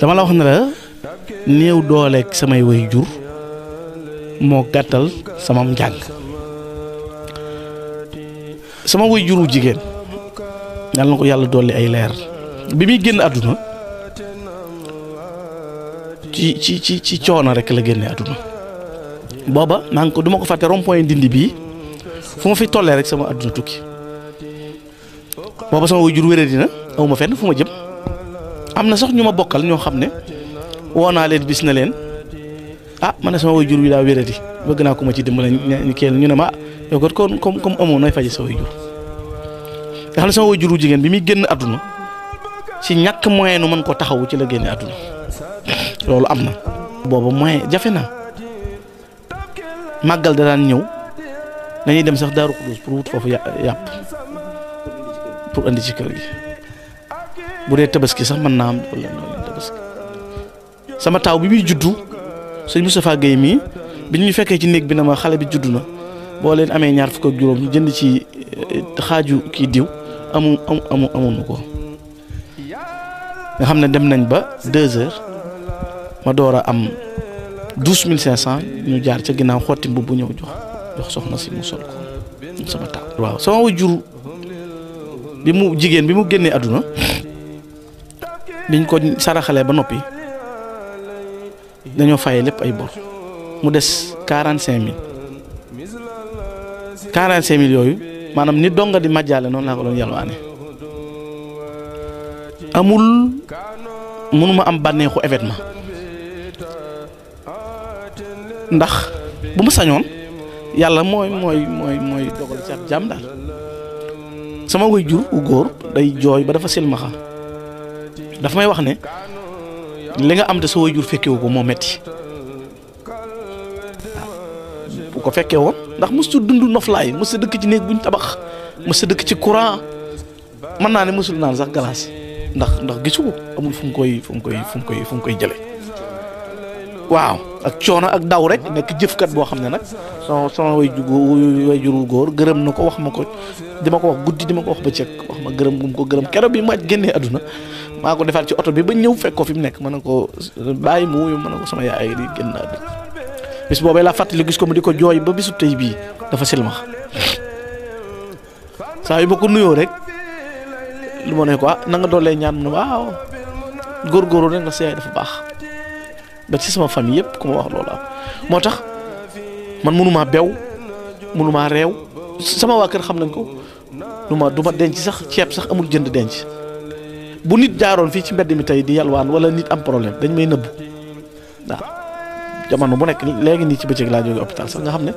dama la wax ne la néew dooleeg samay way jur moo gàttal sama njàng sama way juru jigéen yàlla na ko yàlla doole ay leer bi muy génn àdduna ci ci ci ci coono rek la génne àdduna booba maa ko duma ko fàtte rond-point bii fu ma fi tollee rek sama àdduna tukki booba sama way jur wéré dina awma fenn fu ma jëm am na sax ñu ma bokkal ñoo xam ne woo naa leen bis na leen ah man ne sama way jur wi daa wéradi bëgg naa ko ma ci dimbale ñu kenn ñu ne ma ah, yow kat comme comme amoon nooy faje sa way jur nga xam ne sama way juru jigéen bi muy génn adduna ci ñàkk moyen nu mën ko taxawu ci la génne àdduna loolu am na booba moyen jafe na màggal da daan ñëw dañuy dem sax Daaru Xudoos pour wut foofu yàpp pour andi si kër gi bu dee tabaski sax man naa am problème sama taaw bi muy juddu sëñ Moustapha Guèye mii bi ñuy fekkee ci néeg bi na ma xale bi juddu na boo leen amee ñaar fukk ak juróom ñu jënd ci eh, xaaju kii diw amu amu amu amuñu ko nga xam ne dem nañ ba deux heures ma door a am douze mille cinq cent ñu jaar ci ginnaaw xotti mbubb bu ñëw jox jox soxna si mu sol ko sama taaw. waaw sama wajur bi mu jigéen bi mu génnee àdduna biñ ko saraxalee ba noppi dañoo fayee lépp ay bor mu des quarante cinq mille quarante cinq yooyu maanaam ni donga di majjaale noonu laa ko doon yalwaane amul mënuma am bànneexu événement ndax bu mu sañoon yàlla mooy mooy mooy mooy dogal ci ab jaam daal sama way jur u day jooy ba dafa silmaxa dafa may wax ne li nga am te sa waajur fekkewu ko moo metti bu ko fekkee woon ndax mësul dund noflaay mësul dëkk ci néeg buñ tabax mësul dëkk ci courant mën naa ne mësul naan sax glace ndax ndax gisu ko amul fu koy fu mu koy fu koy fu mu koy jële waaw ak coono ak daw rek nekk jëfkat boo xam ne nag son son way juru góor gërëm na ko wax ma ko di ma ko wax guddi di ma ko wax bëccëg wax ma gërëm gum ko gërëm keroog bi mu génnee àdduna maa ko defaat ci oto bi ba ñëw fekk ko fi mu nekk mën na ko bàyyi mu wuyu mën na ko sama yaay di génn àddina bis boobee laa fàttali gis ko mu di ko jooy ba bisu tey bii dafa silmax saa yi ma ko nuyoo rek lu ma ne ko ah na nga doolee ñaan mu ne góor góorgóorlu rek nga sa yaay dafa baax ba ci sama famille yëpp ku ma wax loolu am moo tax man mënumaa bew mënumaa réew sama waa kër xam nañ ko du ma du ma denc sax ceeb sax amul jënd denc bu nit jaaroon fii ci mbedd mi tey di yalwaan wala nit am problème dañ may nëbbu waaw jamono bu nekk léegi nii ci bëccëg laa jógee hôpital sax nga xam ne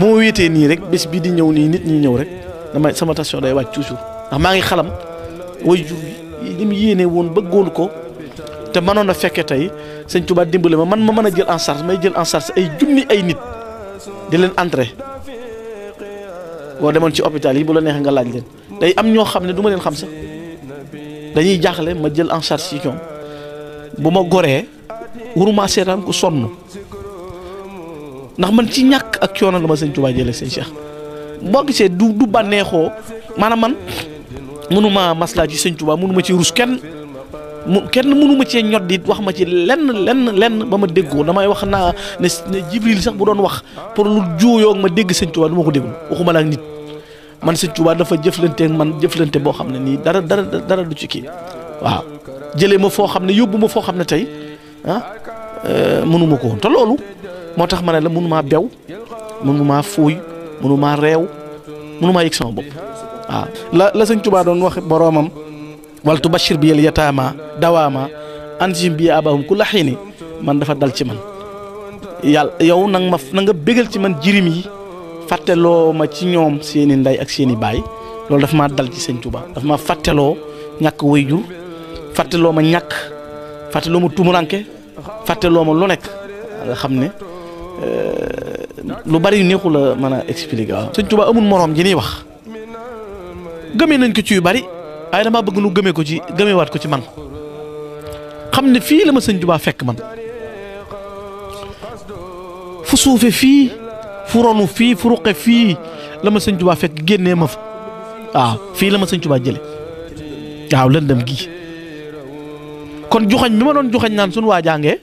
moo wéetee nii rek bés bi di ñëw nii nit ñi ñëw rek damay sama tension day wàcc toujours ndax maa ngi xalam way jur yi li mu yéene woon ba bëggoon ko te mënoon a fekkee tey sëñ Tuubaa dimbale ma man ma mën a jël en charge may jël en charge ay junni ay nit di leen entré boo demoon ci hôpital yi bu la neexee nga laaj leen dañuy jaaxle ma jël en charge ci bu ma goree waruma seetaan ku sonn ndax man ci ñàkk ak coono la ma sëñ Tuubaa jëlee sëñ Cheikh boo gisee du du bànneexoo maanaam man mënuma maslaa ci sëñ Tuubaa mënuma ci ruus kenn mu kenn mënuma cee ñot di wax ma ci lenn lenn lenn ba ma déggoo damay wax naa ne ne Jibril sax bu doon wax pour lu juuyoo ma dégg sëñ Tuubaa du ko déglu waxuma la ak nit man sëñ Tuubaa dafa jëflanteeg man jëflante boo xam ne nii dara dara dara du ci kii waaw jëlee ma foo xam ne yóbbu ma foo xam ne tey ah euh, mënuma ko woon te loolu moo tax ma ne la mënumaa bew mënumaa fuuy mënumaa reew mënumaa yëg sama bopp waaw la la sëñ Tuubaa doon wax boroomam wal tubashir bi yel ma dawaama anjim bi abahum ku laxini man dafa dal ci man yàlla yow nag ma na bégal ci man jirim yi fàtteloo ma ci ñoom seeni i ndey ak seen baay loolu dafa maa dal ci sëñ Touba daf maa fàtteloo ñàkk wayjur fàtteloo ma ñàkk fàtteloo ma tumuranke fàtteloo ma lu nekk nga xam ne euh, lu bari neexu la mën a expliquer waaw. sëñ amul moroom ji ñuy wax gëmee nañ ko ci yu bari waaye damaa bëgg nu gëmee ko ci gëmeewaat ko ci man xam ne fii la ma sëñ Touba fekk man fu suufe fii. furonu fii furuqe fii la ma sëñ Tuubaa fekk génnee ma fa waaw fii la ma sëñ Tuubaa jële waaw lëndëm gi kon joxañ bi ma doon joxañ naan suñu waa jàngee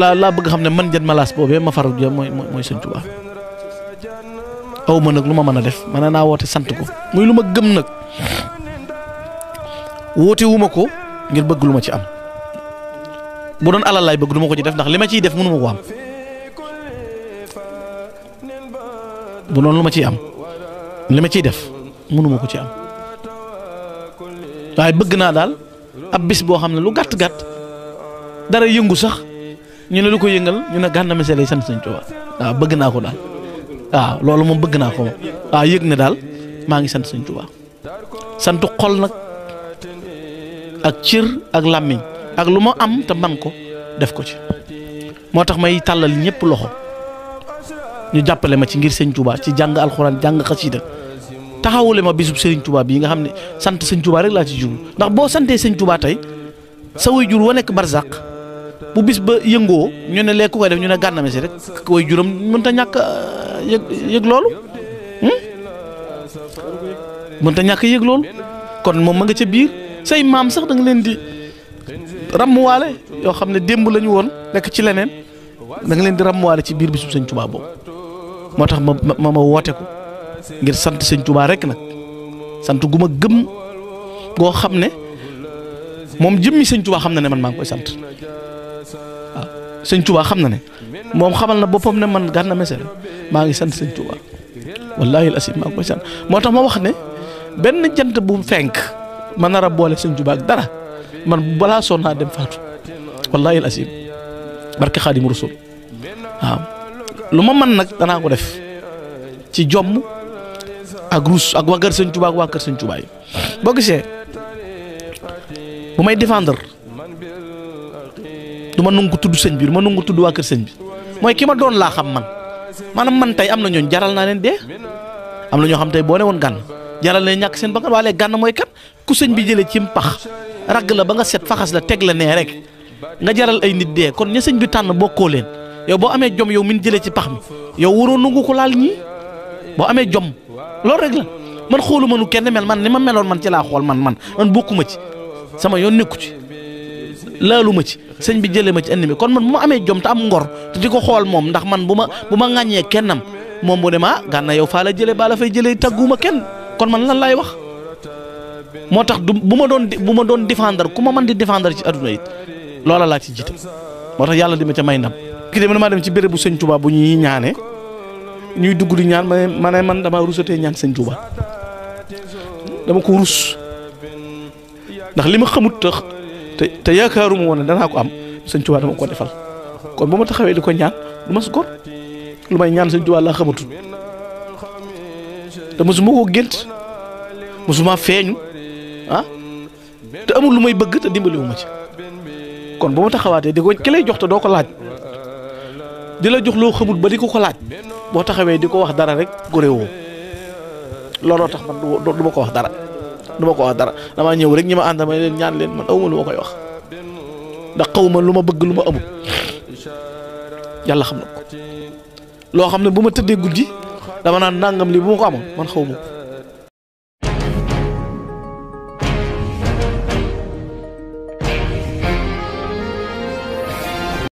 la laa bëgg xam ne man jën malaas boobee ma faru jë mooy mooy sëñ Tuubaa aw ma nag lu ma mën a def mën naa woote sant ko muy lu ma gëm nag woote ko ngir bëgg lu ma ci am bu doon alal bëgg du ma ko ci def ndax li ma ciy def mënu ko am. bu doon lu ma ciy am li ma ciy def mënuma ko ci am waaye bëgg naa daal ab bis boo xam ne lu gàtt gàtt dara yëngu sax ñu ne lu ko yëngal ñu ne Gana Messere lay sant Sëñ Tuubaa waaw bëgg naa ko daal waaw loolu moom bëgg naa ko moom waaw yëg ne daal maa ngi sant Sëñ Tuubaa santu xol nag ak cër ak làmmiñ ak lu ma am te man ko def ko ci moo tax may tàllal ñëpp loxo. ñu jàppale ma ci ngir sëñ Touba ci jàng alxuraan jàng xasida taxawule ma bisub sëriñ Touba bii nga xam ne sant sëñ rek laa ci jublu ndax boo santee sëñ tey sa way jur wa nekk barzaq bu bis ba yëngoo ñu ne lekk koy def ñu ne gànname si rek way juram mënut a ñàkk euh, yëg yëg loolu hmm? mënut yëg loolu kon moom ma nga ca biir say maam sax da leen di ràmmuwaale yoo xam ne démb lañu woon nekk ci leneen da nga leen di ràmmuwaale ci biir bisub sëñ Touba boobu moo tax ma ma ma woote ko ngir sant sëñ Tuubaa rek nag sant gu ma gëm goo xam ne moom jëmmi sëñ Tuubaa xam na ne man maa ngi koy sant waaw sëñ Tuubaa xam na ne moom xamal na boppam ne man Gana Messere maa ngi sant sëñ Tuubaa wallaahi asim maa ngi koy sant moo tax ma wax ne benn jant bu fenk ma nar boole sëñ Tuubaa dara man balaa sonn naa dem faatu wallaahi asim barke Xaadimu Rasuul lu ma mën nag danaa ko def ci jomm ak ruus ak waa kër sëñ Tuubaa waa kër sëñ boo gisee bu may défendre du ma nangu tudd sëñ bi du ma nangu tudd waa kër sëñ bi mooy ki ma doon laa xam man maanaam man tey am na ñooñ jaral naa leen dee am na ñoo xam tey boo ne woon gànn jaral leen ñàkk seen bakkan waaye gànn mooy kat ku sëñ bi jëlee ci pax ragg la ba nga set faxas la teg la nee rek nga jaral ay nit dee kon ña sëñ bi tànn bokkoo leen. yow boo amee jom yow min jëlee ci pax mi yow waroo nangu ko laal ñii boo amee jom loolu rek la man xooluma nu kenn mel man ni ma meloon man ci laa xool man man man bokkuma ci sama yoon nekku ci laaluma ci sëñ bi jëlee ma ci indi mi kon man bu ma amee jom te am ngor te di ko xool moom ndax man bu ma bu ma ŋàññee kennam moom bu ne ma gànna yow faa la jëlee baa la fay jëlee tàgguma kenn kon man lan laay wax moo tax du bu ma doon bu ma doon défendre ku ma mën di défendre ci adduna it loola laa ci jiite moo tax yàlla di ca may ndam ki de man maa dem ci bu ñuy ñaanee ñuy dugg di ñaan ma ne man damaa rusatee ñaan sëñ Touba ko rus ndax li ma xamut tax te te yaakaaruma woon ne danaa ko am sëñ Touba dama defal kon bu ma taxawee di ko ñaan du ma su gor lu may ñaan sëñ Touba laa xamatul te mosuma koo gént mosuma feeñu ah te amul lu may bëgg te dimbaliwu ma ci kon bu ma taxawaatee di ko ki jox te doo ko laaj. di la jox loo xamul ba di ko ko laaj boo taxawee di ko wax dara rek gore looloo tax man du ma ko wax dara du ma ko wax dara damaa ñëw rek ñi ma ànd ma leen ñaan leen man awma lu ma koy wax ndax xaw ma lu ma bëgg lu ma amul yàlla xam na ko loo xam ne bu ma tëddee guddi dama naan nangam lii bu ma ko amoon man xaw ma